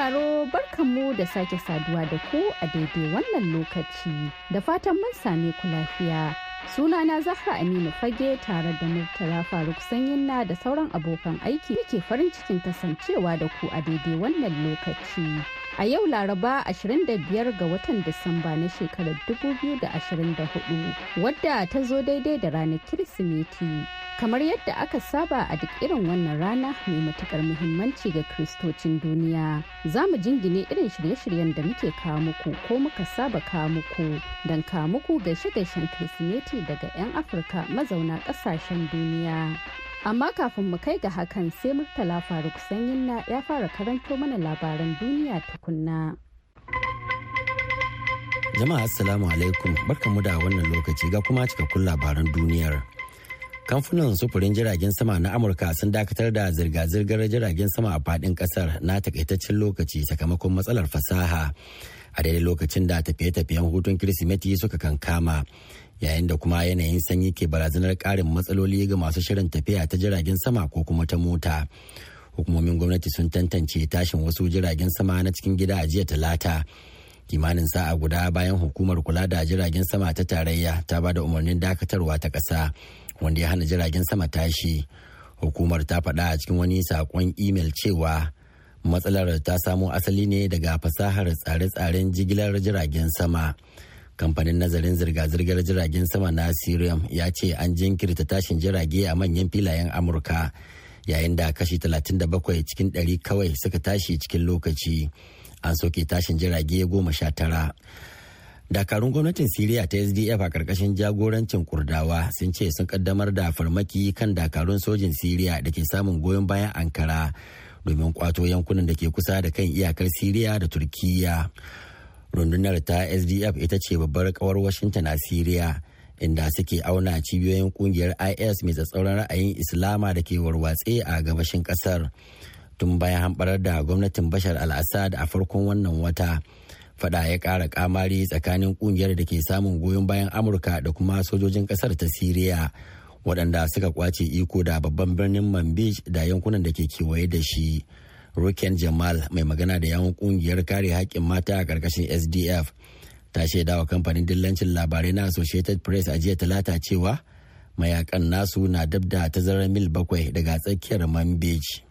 sauraro barkanmu da sake saduwa da ku a daidai wannan lokaci da fatan mun sami ku lafiya. Sunana zafra Aminu Fage tare da Murtala Faruk na da sauran abokan aiki muke farin cikin kasancewa da ku a daidai wannan lokaci. a yau laraba 25 ga watan disamba na shekarar 2024 wadda ta zo daidai da ranar kirsimeti kamar yadda aka saba a duk irin wannan rana mai matukar muhimmanci ga kristocin duniya za mu jingine irin shirye-shiryen da muke kawo muku ko muka saba kawo muku don kawo muku gaishe-gaishen kirsimeti daga 'yan afirka mazauna ƙasashen duniya Amma kafin mu kai ga hakan sai Murtala Faruk na ya fara karanto mana labaran duniya tukunna. Jama'a Assalamu alaikum barkanmu da wannan lokaci ga kuma cikakkun labaran duniyar. Kamfanin sufurin jiragen sama na Amurka sun dakatar da zirga-zirgar jiragen sama a fadin kasar na takaitaccen lokaci sakamakon matsalar fasaha. A daidai lokacin da tafiye-tafiyen hutun Kirsimeti suka kankama yayin da kuma yanayin sanyi ke barazanar karin matsaloli ga masu shirin tafiya ta jiragen sama ko kuma ta mota hukumomin gwamnati sun tantance tashin wasu jiragen sama na cikin gida a jiya talata kimanin sa'a guda bayan hukumar kula da jiragen sama ta tarayya ta ba da umarnin dakatarwa ta ƙasa wanda ya hana jiragen sama tashi hukumar ta faɗa a cikin wani saƙon imel cewa matsalar ta samo asali ne daga fasahar tsare-tsaren jigilar jiragen sama kamfanin nazarin zirga-zirgar jiragen sama na sirium ya ce an jinkirta tashin jirage a manyan filayen amurka yayin da kashi 37 cikin 100 kawai suka tashi cikin lokaci an soke tashin jirage goma sha tara dakarun gwamnatin siriya ta sdf a karkashin jagorancin kurdawa sun ce sun kaddamar da farmaki kan dakarun sojin siriya da ke samun goyon bayan ankara domin kwato yankunan da ke kusa da kan iyakar siriya da turkiyya rundunar ta sdf ita ce babbar kawar washington a syria inda suke auna cibiyoyin kungiyar is mai tsatsauran ra'ayin islama da ke warwatse a gabashin kasar tun bayan hamɓarar da gwamnatin bashar al-assad a farkon wannan wata fada ya ƙara kamari tsakanin kungiyar da ke samun goyon bayan amurka da kuma sojojin kasar ta syria waɗanda suka kwace iko da babban birnin manbij da yankunan da ke kewaye da shi. roken Jamal mai magana da yawun kungiyar kare haƙƙin mata a ƙarƙashin SDF ta shaidawa kamfanin dillancin labarai na Associated Press a jiya talata cewa mayakan nasu na dab da tazarar mil bakwai daga tsakiyar Manbeji.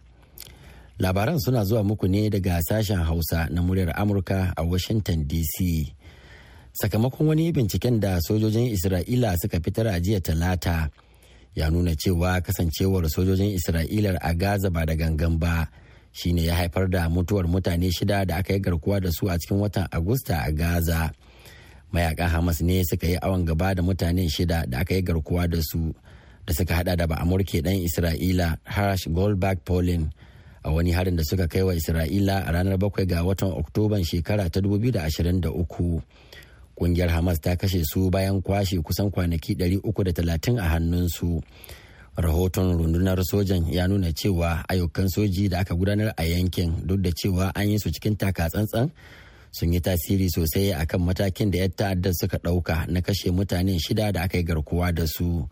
Labaran suna zuwa muku ne daga sashen Hausa na muryar Amurka a Washington DC. Sakamakon wani binciken da sojojin Isra'ila suka fitar a jiya talata ya nuna cewa kasancewar sojojin Isra'ilar a Gaza ba da gangan ba. shine ya haifar da mutuwar mutane shida da aka yi garkuwa da su a cikin watan agusta a gaza mayakan hamas ne suka yi awon gaba da mutane shida da aka yi garkuwa da su da suka hada da ba'amurke dan isra'ila harsh goldberg polin a wani harin da suka kai wa isra'ila a ranar 7 ga watan oktoban shekara ta 2023 kungiyar hamas ta kashe su bayan kwashe kusan kwanaki 330 a hannunsu. su rahoton rundunar sojan ya nuna cewa ayyukan soji da aka gudanar a yankin duk da cewa an yi su cikin taka tsantsan sun yi tasiri sosai a kan matakin da 'yan ta'addar suka ɗauka na kashe mutane shida da aka yi garkuwa da su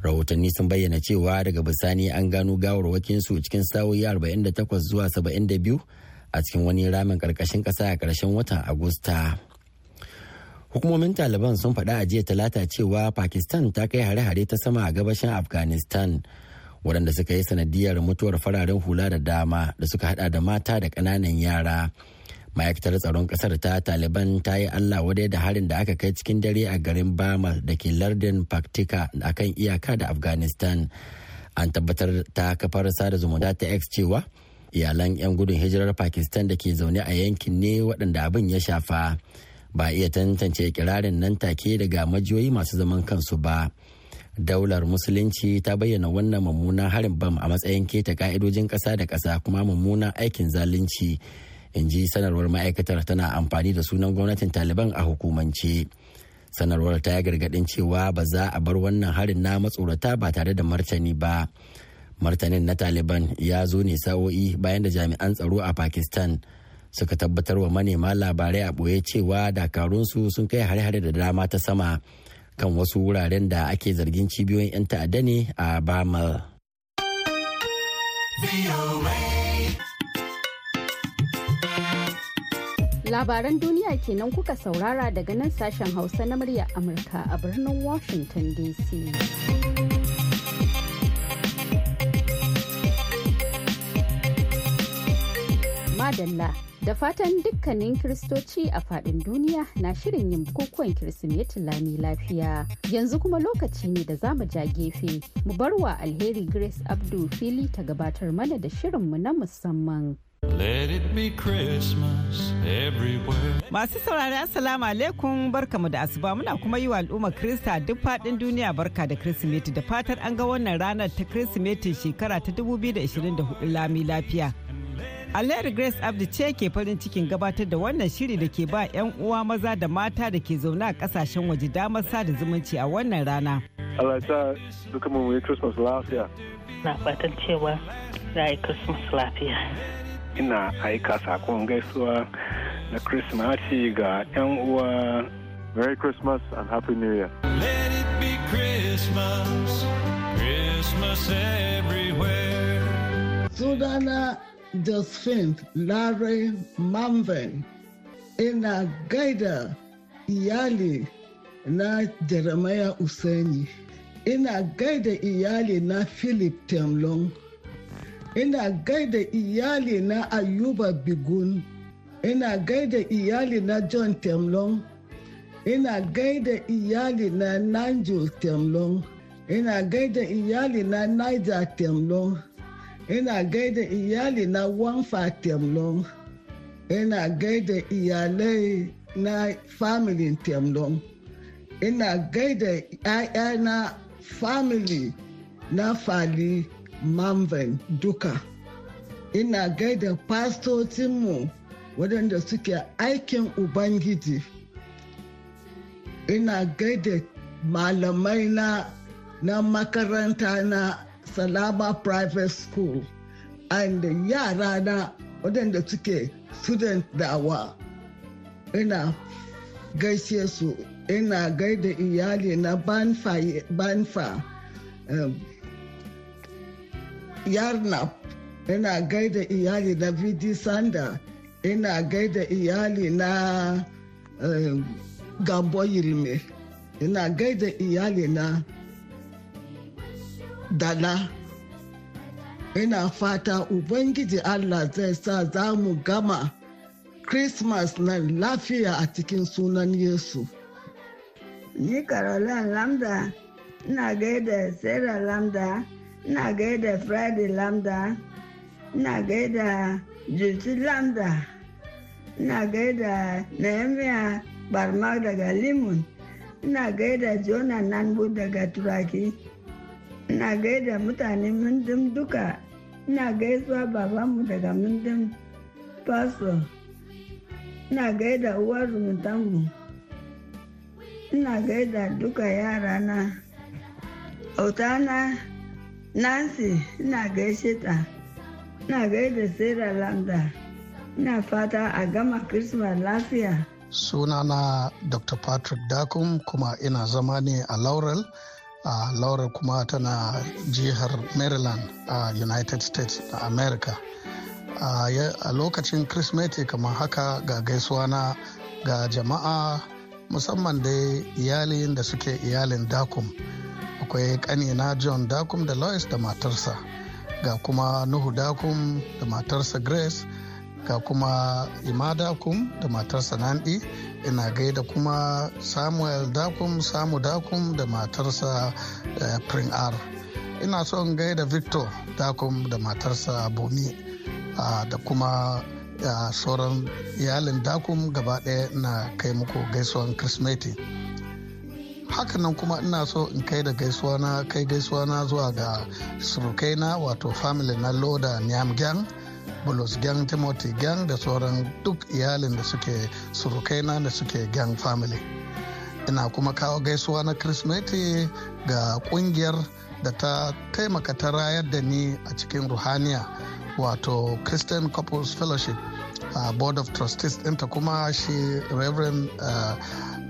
rahotanni sun bayyana cewa daga bisani an gano gawarwakinsu cikin sa'o'i 48 zuwa 72 a cikin wani ramin ƙarƙashin ƙasa a ƙarshen watan agusta. hukumomin taliban sun faɗa a jiya talata cewa pakistan ta kai hare-hare ta sama a gabashin afghanistan waɗanda suka yi sanadiyar mutuwar fararen hula da dama da suka hada da mata da ƙananan yara ma'aikatar tsaron ƙasar ta taliban ta yi allah wadai da harin da aka kai cikin dare a garin bamal da ke lardin paktika akan iyaka da afghanistan an tabbatar ta kafar sada zumunta ta x cewa iyalan 'yan gudun hijirar pakistan da ke zaune a yankin ne waɗanda abin ya shafa ba iya tantance kirarin nan take daga majiyoyi masu zaman kansu ba daular musulunci ta bayyana wannan mummunan harin bam a matsayin keta ka'idojin ƙasa da ƙasa kuma mummunan aikin zalunci in ji sanarwar ma'aikatar tana amfani da sunan gwamnatin taliban a hukumance sanarwar ta yi gargaɗin cewa ba za a bar wannan harin na matsorata ba tare da martani ba martanin na taliban ya zo ne sa'o'i bayan da jami'an tsaro a pakistan suka tabbatar wa manema labarai a ɓoye cewa dakarunsu sun kai hare-hare da dama ta sama kan wasu wuraren da ake zargin cibiyoyin 'yan ta'adda ne a bamal labaran duniya kenan kuka saurara daga nan sashen hausa na murya amurka a birnin washington dc madalla Da fatan dukkanin Kiristoci a faɗin duniya na shirin yin bukukuwan Kirsimeti lami lafiya. Yanzu kuma lokaci ne da za mu ja gefe, mu barwa alheri Grace abdul fili ta gabatar mana da shirinmu na musamman. Let it be Christmas everywhere. Masu saurari Assalamu alaikum barkamu da asuba muna kuma yi wa al'ummar Krista duk faɗin duniya barka da Kirsimeti da fatar an ga wannan ranar ta Kirsimetin shekara ta 2024 lami lafiya. Alheri Grace Abdi ce ke farin cikin gabatar da wannan shiri da ke ba 'yan uwa maza da mata da ke zaune a kasashen waje damar sada zumunci a wannan rana. Allah sa duka mu yi Christmas lafiya. Na fatan cewa za a yi Christmas lafiya. Ina aika sakon gaisuwa na Christmas ga 'yan uwa. Merry Christmas and Happy New Year. Let it be Christmas, Christmas everywhere. Josephine Larry Manvin ina gaida iyali na Jeremiah Useni. Ina gaida iyali na Philip Temlong. Ina gaida iyali na Ayuba Bigun. Ina gaida iyali na John Temlong. Ina gaida iyali na Nigel Temlong. Ina gaida iyali na Niger Temlong. ina gaida iyali na wanfa fatemlon ina gaida iyalai na family temlon ina gaida 'ya'ya na family na fali manven duka ina gaida fastocinmu waɗanda suke aikin ubangiji ina gaida malamai na makaranta na Salama Private School and yara na waɗanda suke student dawa ina gaishe su ina gaida iyali na banfa, banfa um, yarnap ina gaida iyali na vd sanda ina gaida iyali na um, gambo yilme ina gaida iyali na dala ina fata ubangiji allah zai sa za mu gama christmas na lafiya a cikin sunan yesu ni caroline lambda ina gaida sarah lambda ina gaida friday lambda ina gaida jirti lambda ina gaida nehemiah barma daga limon ina gaida jona nanbu daga turaki ina gaida mutane mundum duka ina gaisuwa babanmu daga mundum faso ina gaida uwar rumuntanmu ina gaida duka yarana autana nancy ina gaishe ta ina gaida sera lambda ina fata a gama christmas lafiya sunana dr patrick dakum kuma ina zama ne a laurel a Laura kuma tana jihar Maryland a United States na America. a lokacin Kirsimeti kamar haka ga gaisuwa na ga jama'a musamman dai iyalin da suke iyalin Dakum. Akwai ƙanina John Dakum da Lois da matarsa. Ga kuma Nuhu Dakum da matarsa Grace ga kuma imada kum da matarsa nandi ina gaida kuma samuel dakum samu dakum da matarsa eh, prin r ina son gaida victor dakum da matarsa bomi ah, da kuma a ah, sauran iyalin dakum gaba ɗaya na kai muku gaisuwan kirsimeti hakanan kuma ina so in kai da gaisuwa na kai gaisuwa na zuwa ga surukaina wato family na loda nyamgyan bulus gang timothy gang da sauran duk iyalin da suke surukaina da suke gang family ina kuma kawo gaisuwa na kirsimeti ga kungiyar da ta taimaka ta rayar da ni a cikin ruhaniya wato christian couples fellowship board of trustees ɗinta kuma shi reverend uh,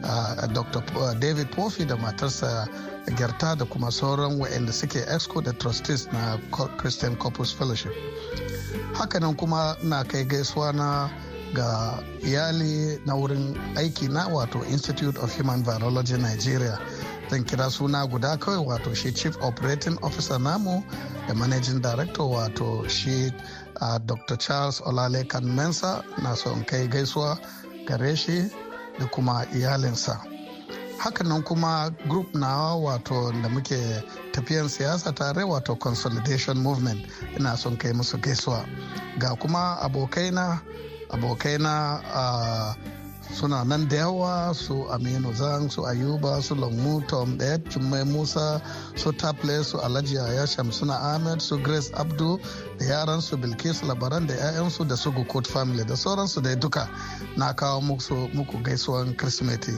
uh, dr uh, david Pofi da matarsa gerta da kuma sauran waɗanda suke exco da trustees na christian corpus fellowship hakanan kuma na kai gaisuwa na ga iyali na wurin aiki na wato institute of human virology nigeria zan kira suna guda kawai wato shi chief operating officer namu da managing director wato shi a dr charles olalekan mensa na son kai gaisuwa gare shi da kuma iyalinsa hakanan kuma group na wato da muke tafiyan siyasa tare wato consolidation movement ina son kai musu gaisuwa ga kuma abokaina abokaina uh, suna nan da yawa su aminu zan su ayuba su lamu tom ɗaya jummai musa su taple su alhaji ya suna ahmed su grace abdu da yaran su bilkisu labaran da 'ya'yansu da su gukot family da sauransu da duka na kawo muku gaisuwan kirsimeti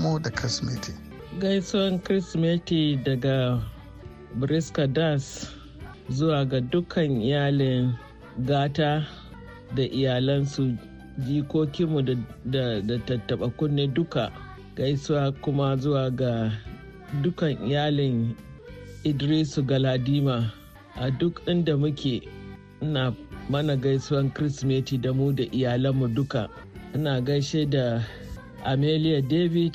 mu da kirsimeti gaisuwan kirsimeti daga briska das zuwa ga dukkan iyalin gata da iyalansu jikokinmu da tattaba kunne duka gaisuwa kuma zuwa ga dukan iyalin idrisu galadima a duk inda muke na mana gaisuwan kirsimeti da mu da iyalanmu duka ina gaishe da amelia david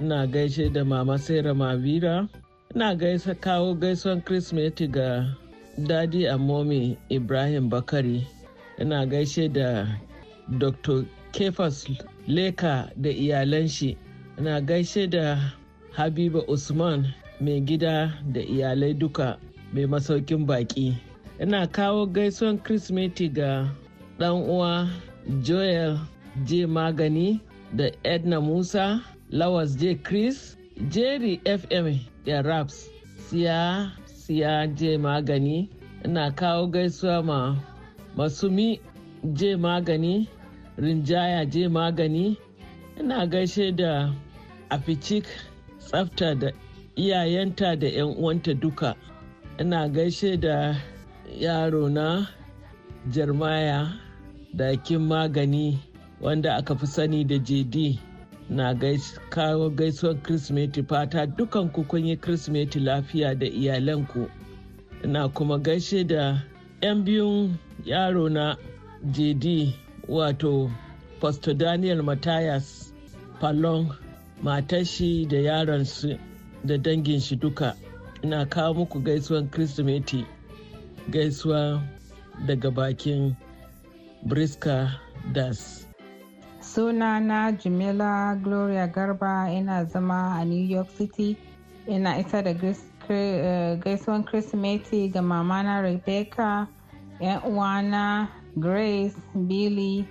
ina gaishe da mama sera mavira ina gaisa kawo gaisuwan kirsimeti ga dadi a amomi ibrahim bakari ina gaishe da dr kefas leka da iyalan shi na gaishe da habiba usman mai gida da iyalai duka mai masaukin baki ina kawo gaisuwan kirsimeti ga dan uwa joel j magani da edna musa lawas j chris jerry fm da raps siya siya j magani ina kawo gaisuwa ma masumi j magani rinjaya je magani ina gaishe da afichik tsafta da iyayenta da 'yan uwanta duka ina gaishe da yaro na jarmaya da kin magani wanda aka fi sani da jd na kawo gaisuwar kirsimeti fata dukan ku kun yi kirsimeti lafiya da iyalanku ina kuma gaishe da 'yan biyun yaro na jd wato pastor daniel matthias palong matashi shi da yaransu da dangin shi duka ina kawo muku gaisuwan kristimeti gaisuwa daga bakin briska das na jimela gloria garba ina zama a new york city ina isa da eh, gaisuwan kristimeti ga mamana rebecca 'yan uwana grace billy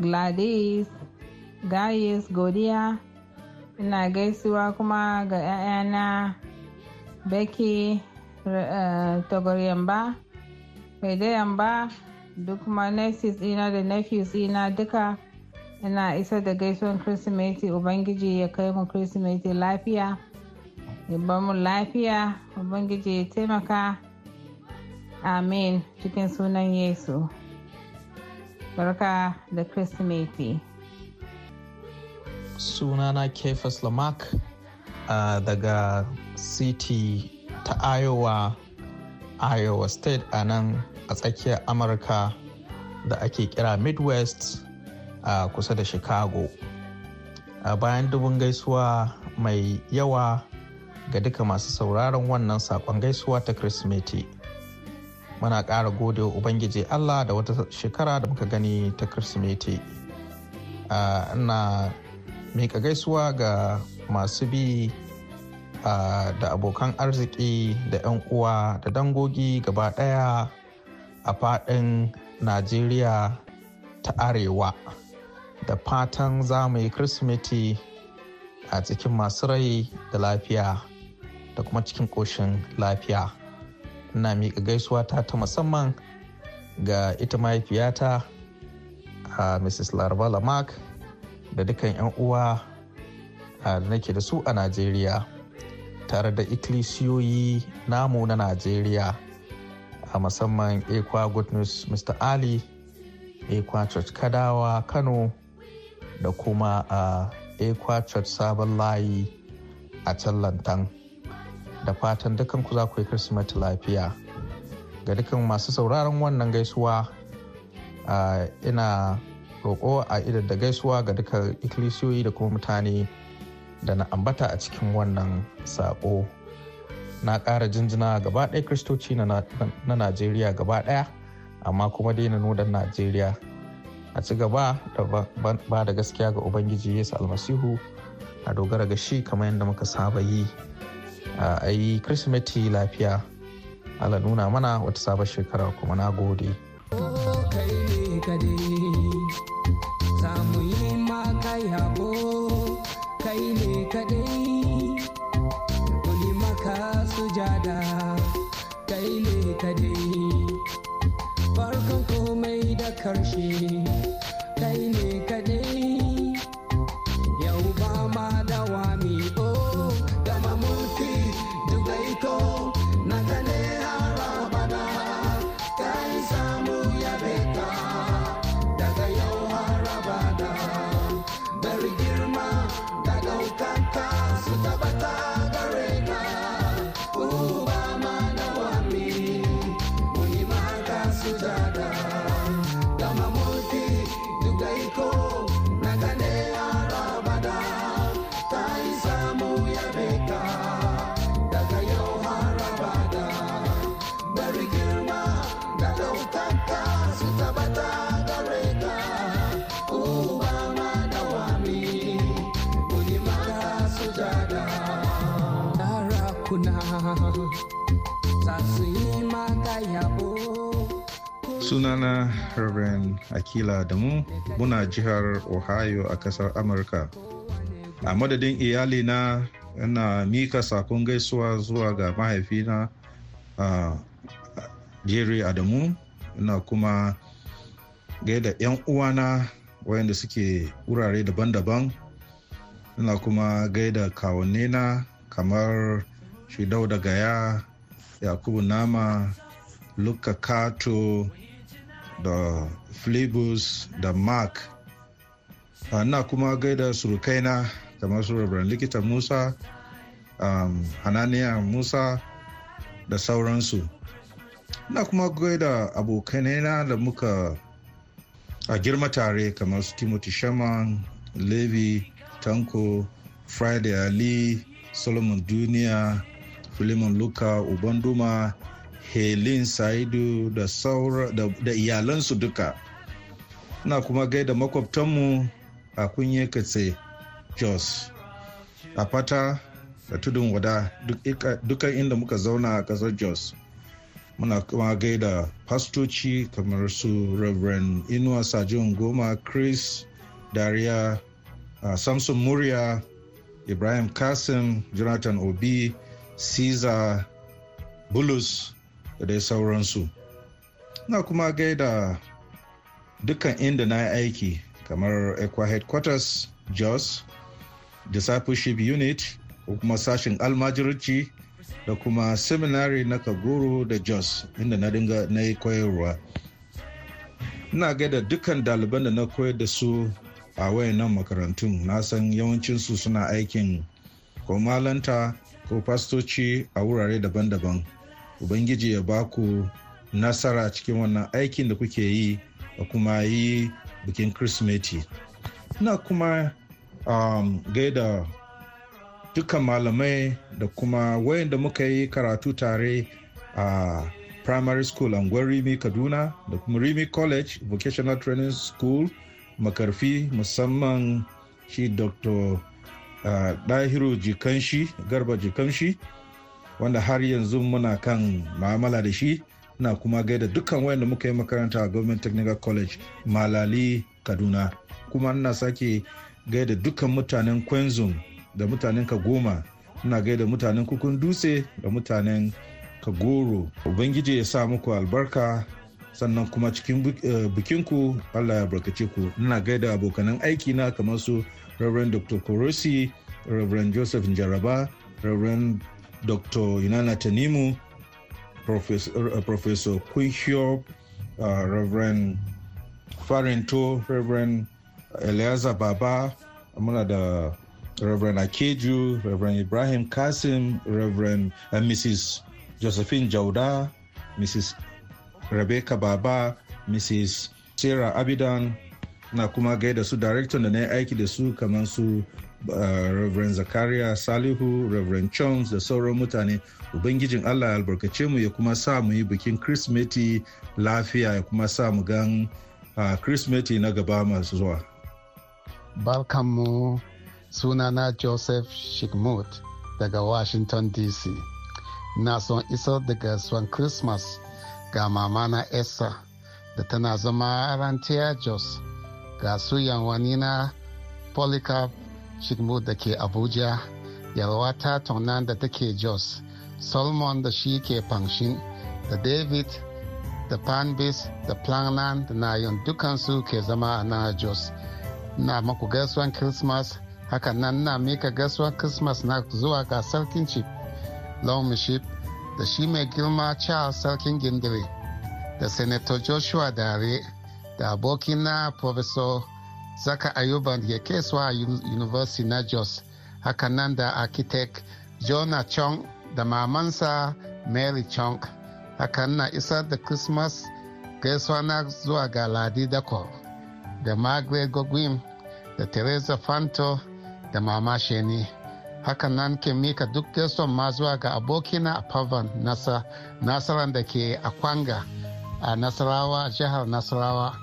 gladys Gaius, godiya ina gaisuwa kuma ga 'ya'yana becky uh, eh, tagoryamba yamba duk kuma nurses ina da nephews ina duka ina isa da gaisuwan kirsimeti ubangiji ya kai mu kirsimeti lafiya ya mu lafiya ubangiji ya taimaka Amin cikin sunan Yesu. Barka da Kirsimeti. Sunana Kefas Lamak uh, daga City ta Iowa, Iowa State a nan a tsakiyar Amurka da ake kira Midwest a uh, kusa da Chicago. Uh, bayan dubun gaisuwa mai yawa ga duka masu sauraron wannan sakon gaisuwa ta Kirsimeti. muna ƙara gode wa ubangiji allah da wata shekara da muka gani ta kirsimeti ina mika gaisuwa ga masu bi da abokan arziki da 'yan uwa da dangogi gaba ɗaya a faɗin najeriya ta arewa da fatan za mu yi kirsimeti a cikin masu rai da lafiya da kuma cikin ƙoshin lafiya ina miƙa gaisuwa ta ta musamman ga ita mahaifiyata a mrs larvala mark da dukkan 'yan uwa da nake da su a najeriya tare da ikilisiyoyi namu na najeriya a musamman ekwa good news mr ali ekwa church kadawa kano da kuma a ekwa church sabon layi a can lantan da fatan dukan ku za ku yi kirsimeti lafiya ga dukan masu sauraron wannan gaisuwa ina roƙo a idar da gaisuwa ga dukkan ikkilisiyoyi da kuma mutane da na ambata a cikin wannan saƙo na ƙara jinjina gaba ɗaya kristoci na najeriya gaba ɗaya amma kuma dai na nodar najeriya a ci gaba da ba da gaskiya ga ubangiji yesu almasihu a dogara ga shi kamar yadda muka saba yi a yi kirsimeti lafiya ala nuna mana wata sabon shekara kuma na gode kai ne kadai kuli maka sujada kai ne kadai farkon komai da karshe za su yi sunana reverend akila adamu muna jihar ohio a kasar amurka a madadin iyalina ina mika sakon gaisuwa zuwa ga mahaifina a jerry adamu na kuma gaida 'yan uwana wayanda suke wurare daban-daban ina kuma gaida kawannena kamar shi dauda gaya yakubu nama luka kato da flibus da mark ah, na kuma gaida surukaina kamar su rabarin likita musa um, hananiya musa da sauransu na kuma gaida abokanaina da muka a girma tare kamar su timothy shaman levi tanko friday ali solomon duniya Filimon luka ubanduma helin saidu da saura da iyalansu duka na kuma gaida makwabtanmu a kunye katse jos a fata da tudun wada dukan inda muka zauna a kasar jos muna kuma gaida fastoci kamar su reverend inuwa sajin goma chris dariya uh, samson murya ibrahim kasim jonathan obi caesar bulus da dai sauransu na kuma gaida dukkan inda na aiki kamar equa headquarters jos discipleship unit ko kuma sashen almajirci da kuma seminary na kagoro da jos inda na dinga na yi koyarwa ina gaida dukkan daliban da na koyar da su a wayannan makarantun na san yawancinsu suna aikin komalanta ko fastoci a wurare daban-daban ubangiji ya ba ku nasara cikin wannan aikin da kuke yi a kuma yi bikin kirsimeti na kuma um, gaida dukkan malamai da kuma da muka yi karatu tare a uh, primary school anguwar rimi kaduna da kuma rimi college vocational training school makarfi musamman shi dr ɗahiru eh, jikanshi garba jikanshi wanda har yanzu muna kan ma'amala da shi na kuma gaida dukkan wayanda muka yi makaranta a government technical college malali kaduna kuma ina sake gaida dukkan mutanen kwenzum da mutanen kagoma na gaida mutanen kukun dutse da mutanen kagoro ubangiji ya sa muku albarka sannan kuma cikin bikinku eh, allah ya barkace ku ina gaida abokanan aiki na kamar su Reverend Dr. Korosi, Reverend Joseph Njaraba, Reverend Dr. Inanna Tenimu, Professor, Professor Kuihio, uh, Reverend Farinto, Reverend Eleazar Baba, muna da Reverend Akeju, Reverend Ibrahim Kasim, Reverend uh, Mrs. Josephine Jauda, Mrs. Rebecca Baba, Mrs. Sarah Abidan, na kuma gaida su director da na yi aiki da su kamar su uh, Reverend Zakaria Salihu, Reverend jones da sauran mutane. Ubangijin Allah ya albarkace mu ya kuma sa mu yi bikin kirismeti lafiya ya kuma sa mu gan uh, kirismeti na gaba masu zuwa. Barkanmu sunana Joseph Shigmut daga Washington DC. Na son isar daga son Christmas ga mamana Esther da tana zama rantiya Jos ga su yanwani na polycarp shigmu da ke abuja yalwata taunan da take jos solomon da shi ke fanshin da david da panbis da planan da nayon dukansu ke zama a na jos na maku gaisuwan christmas hakan nan na mika gaisuwan christmas na zuwa ga sarkin chief lomiship da shi mai girma charles sarkin gindiri da senator joshua dare da abokina professor zaka ayuban ya a university na jos hakanan da architect jona chong da mamansa mary chong hakan na isar da christmas gaisuwa na zuwa ga ladi dako da margaret gogwin da teresa fanto da mama sheni hakanan nan ke mika duk gaisuwan ma zuwa ga abokina a pavan nasa nasaran da ke a kwanga a nasarawa jihar nasarawa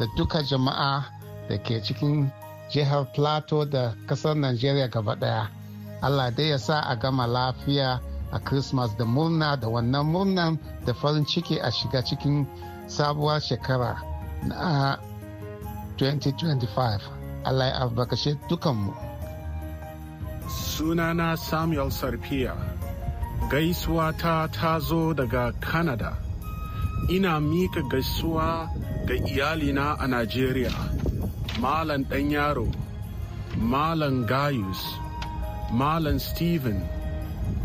da duka jama'a da ke cikin jihar plateau da kasar nigeria gaba daya allah dai ya sa a gama lafiya a christmas da murna da wannan murnan da farin ciki a shiga cikin sabuwar shekara na 2025 allah ya albarkace dukanmu sunana samuel sarfiya gaisuwa ta ta zo daga canada ina mika gaisuwa ga iyalina a Najeriya, Malam ɗan yaro, Malam Gayus, Malam Stephen,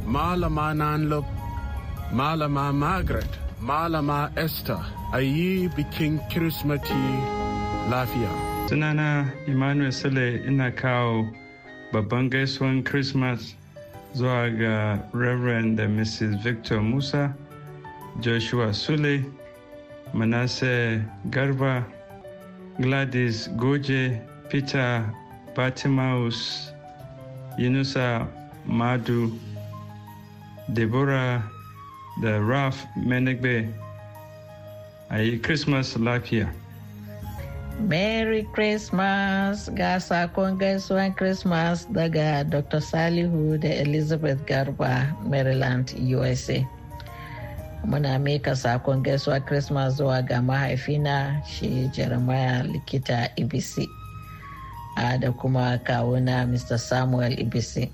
Malama Nanlop, Malama Margaret, Malama Esther, a yi bikin Kirismati lafiya. Sunana Emmanuel Sule ina kawo babban gaisuwan Christmas zuwa ga Reverend da Mrs. Victor Musa. Joshua Sule, Manasseh Garba, Gladys Goje, Peter Batimaus, Yunusa Madu, Deborah the Raf Menegbe. A Christmas Christmas here. Merry Christmas Gasa sakon and Christmas daga Dr. who the Elizabeth Garba, Maryland, USA. muna mika sakon gaisuwa christmas zuwa ga mahaifina shi jeremiah likita ibc da kuma kawuna mr samuel ibc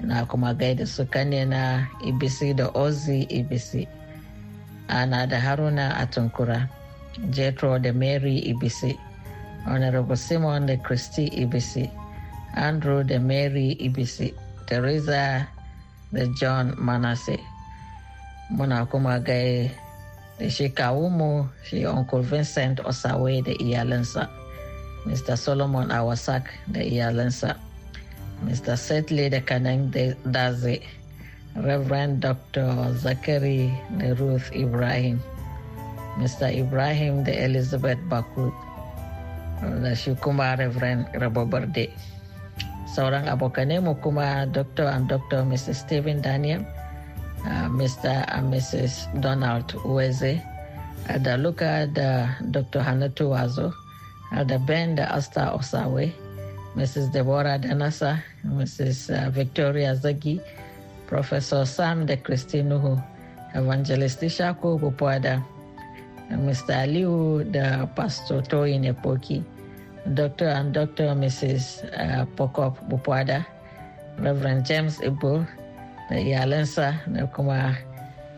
na kuma gaida su kane na ibc da ozi ibc ana da haruna a tunkura jetro da mary ibc honorable simon da christy ibc andrew da mary ibc teresa da john manasseh muna kuma gai da shi kawunmu shi uncle vincent osawe da iyalinsa mr solomon awasak da iyalinsa mr setley da kanan daze reverend dr zakari da ruth ibrahim mr ibrahim da elizabeth baku da shi kuma reverend rabobarde sauran abokanai mu kuma dr and dr Mr. stephen daniel uh, Mr. and Mrs. Donald Uweze, uh, the Luka, the Dr. Hannah Wazo, uh, the Ben, the Asta Osawe, Mrs. Deborah Danasa, Mrs. Uh, Victoria Zagi, Professor Sam de Christinuhu, Evangelist Ishaku Bupoada, Mr. Aliu, the Pastor Toi Nepoki, Dr. and Dr. Mrs. Pokop Bupoada, Reverend James Ibu, na iyalansa na kuma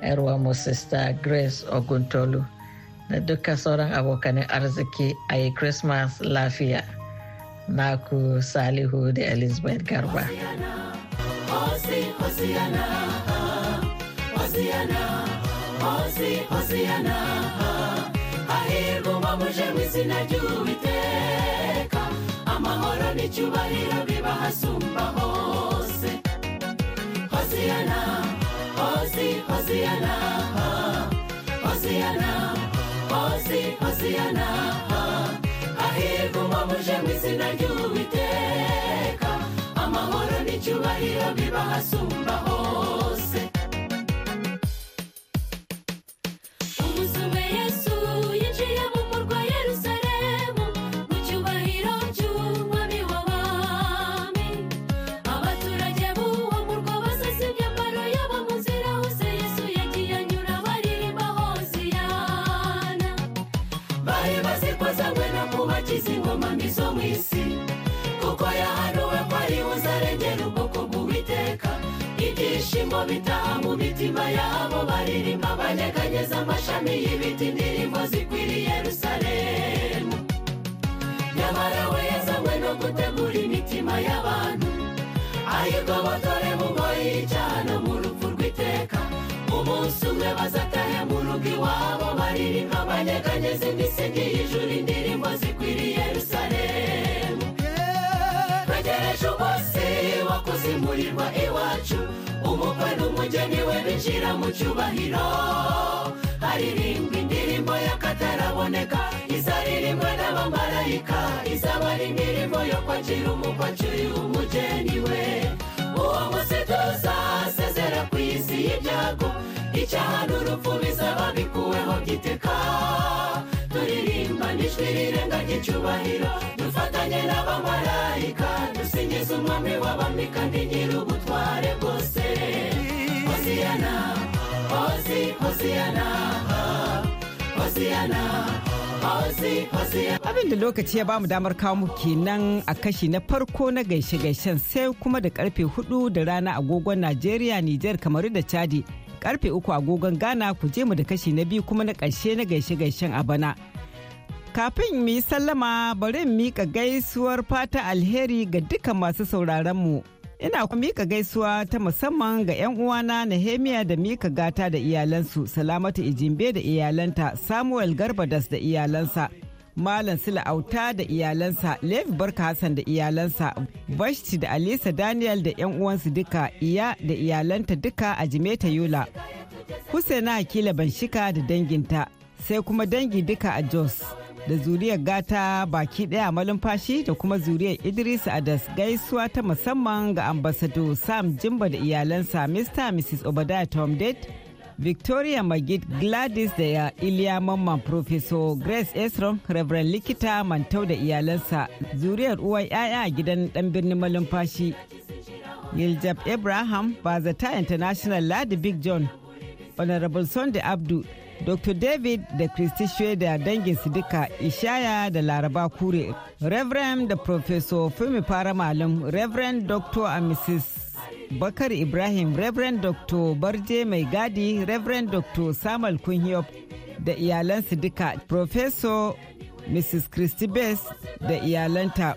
yarwa mu sister grace oguntolu da duka sauran abokanin arziki a yi christmas lafiya ku salihu da elizabeth garba ahirwa muje mu izina ry'uwiteka icyubahiro bibahasumba hose imitima yabo baririmba banyeganyeza amashami y'ibiti indirimbo zikwiriye Yerusalemu nyamara we yazanywe no gutegura imitima y'abantu ayigobotore mu ngoyi y'icana mu rupfu rw'iteka umunsi umwe bazatahe mu rugo iwabo baririmba banyeganyeza imisingi y'ijuru indirimbo zikwiriye Yerusalemu twegereje umunsi wo kuzimurirwa iwacu umukwe n'umugeni we binjira mu cyubahiro haririmbwa indirimbo y'akataraboneka izaririmbwa n'abamarayika izaba ari indirimbo yo kwakira umukwe acyuriye umugeni we uwo munsi tuzasezera ku isi y'ibyago icyaha n'urupfu bizaba bikuweho giteka twirinde icyubahiro dufatanye n'abamarayika dusingize umwami w'abami kandi nyir'ubutware bwose hosiyana hosi hosiyana hosiyana Abin da lokaci ya bamu damar kawo mu kenan a kashi na farko na gaishe-gaishen sai kuma da karfe 4 da rana agogon Najeriya, Nijar, Kamaru da Chadi. Karfe 3 agogon Ghana ku je mu da kashi na biyu kuma na ƙarshe na gaishe-gaishen a bana. Kafin mu yi sallama bari mu miƙa gaisuwar fata alheri ga duka masu sauraronmu. Ina kuma miƙa gaisuwa ta musamman ga 'yan uwana na hemiya da Mika Gata da iyalansu, Salamatu Ijimbe da iyalanta, Samuel Garbadas da iyalansa, Malam Sila Auta da iyalansa, Levi Barka Hassan da iyalansa, Bashti da Alisa Daniel da 'yan uwansu duka, iya da iyalanta duka a Jimeta Yola. Husaina Hakila Banshika da danginta, sai kuma dangi duka a Jos. da zuriyar gata baki daya malumfashi da kuma zuriyar idris adas gaisuwa ta musamman ga ambasado sam jimba da iyalansa mr mrs obadiah tomdet victoria magid gladys da ya iliya mamman professor grace esron reverend likita mantau da iyalansa zuriyar uwar yaya a gidan dan birnin malumfashi yiljab abraham bazata international ladi big john honorable sunday abdul Dr. David da Christy Shweda dangin sidika duka Ishaya da Laraba Kure, Reverend da Professor Femi Fara Malam, Reverend Dr. and Mrs. Bakar Ibrahim, Reverend Dr. Barje Mai Gadi, Reverend Dr. Samuel Kunhiyop da iyalan duka, Professor Mrs. Christy Bess da iyalanta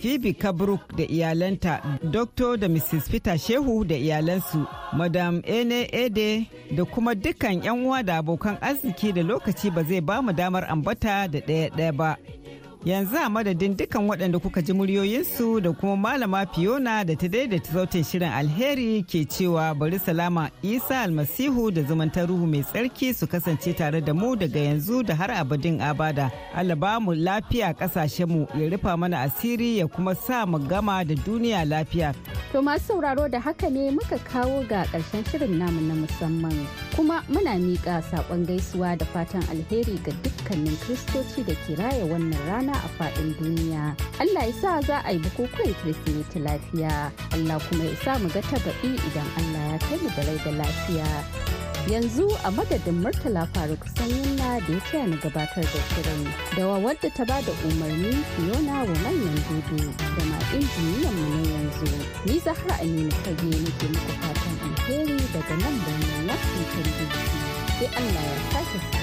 Phoebe Kabruk da iyalanta, Dr. da Mrs. Peter Shehu da iyalansu, Madam Ene Ede da kuma dukkan 'yan uwa da abokan arziki da lokaci ba zai ba mu damar ambata da ɗaya-ɗaya ba. yanzu a madadin dukkan waɗanda kuka ji muryoyinsu da kuma malama fiona da ta daidaita sautin shirin alheri ke cewa bari salama isa almasihu da zumuntar ruhu mai tsarki su kasance tare da mu daga yanzu da har abadin abada alaba mu lafiya ƙasashen mu ya rufa mana asiri ya kuma sa mu gama da duniya lafiya to masu sauraro da haka ne muka kawo ga ƙarshen shirin namu na musamman kuma muna miƙa saƙon gaisuwa da fatan alheri ga dukkanin kristoci da ke raya wannan rana rana a faɗin duniya allah ya sa za a yi bukukuwan kirsimeti lafiya allah kuma ya sa mu ga ta baɗi idan allah ya kai mu da rai da lafiya yanzu a madadin murtala faruk sanyinna da ya taya ni gabatar da shirin da wadda ta ba da umarni fiona wa manyan dubu da ma injiniyan mu na yanzu ni zahra aminu fage nake muku fatan alheri daga nan birnin washington dc sai allah ya sake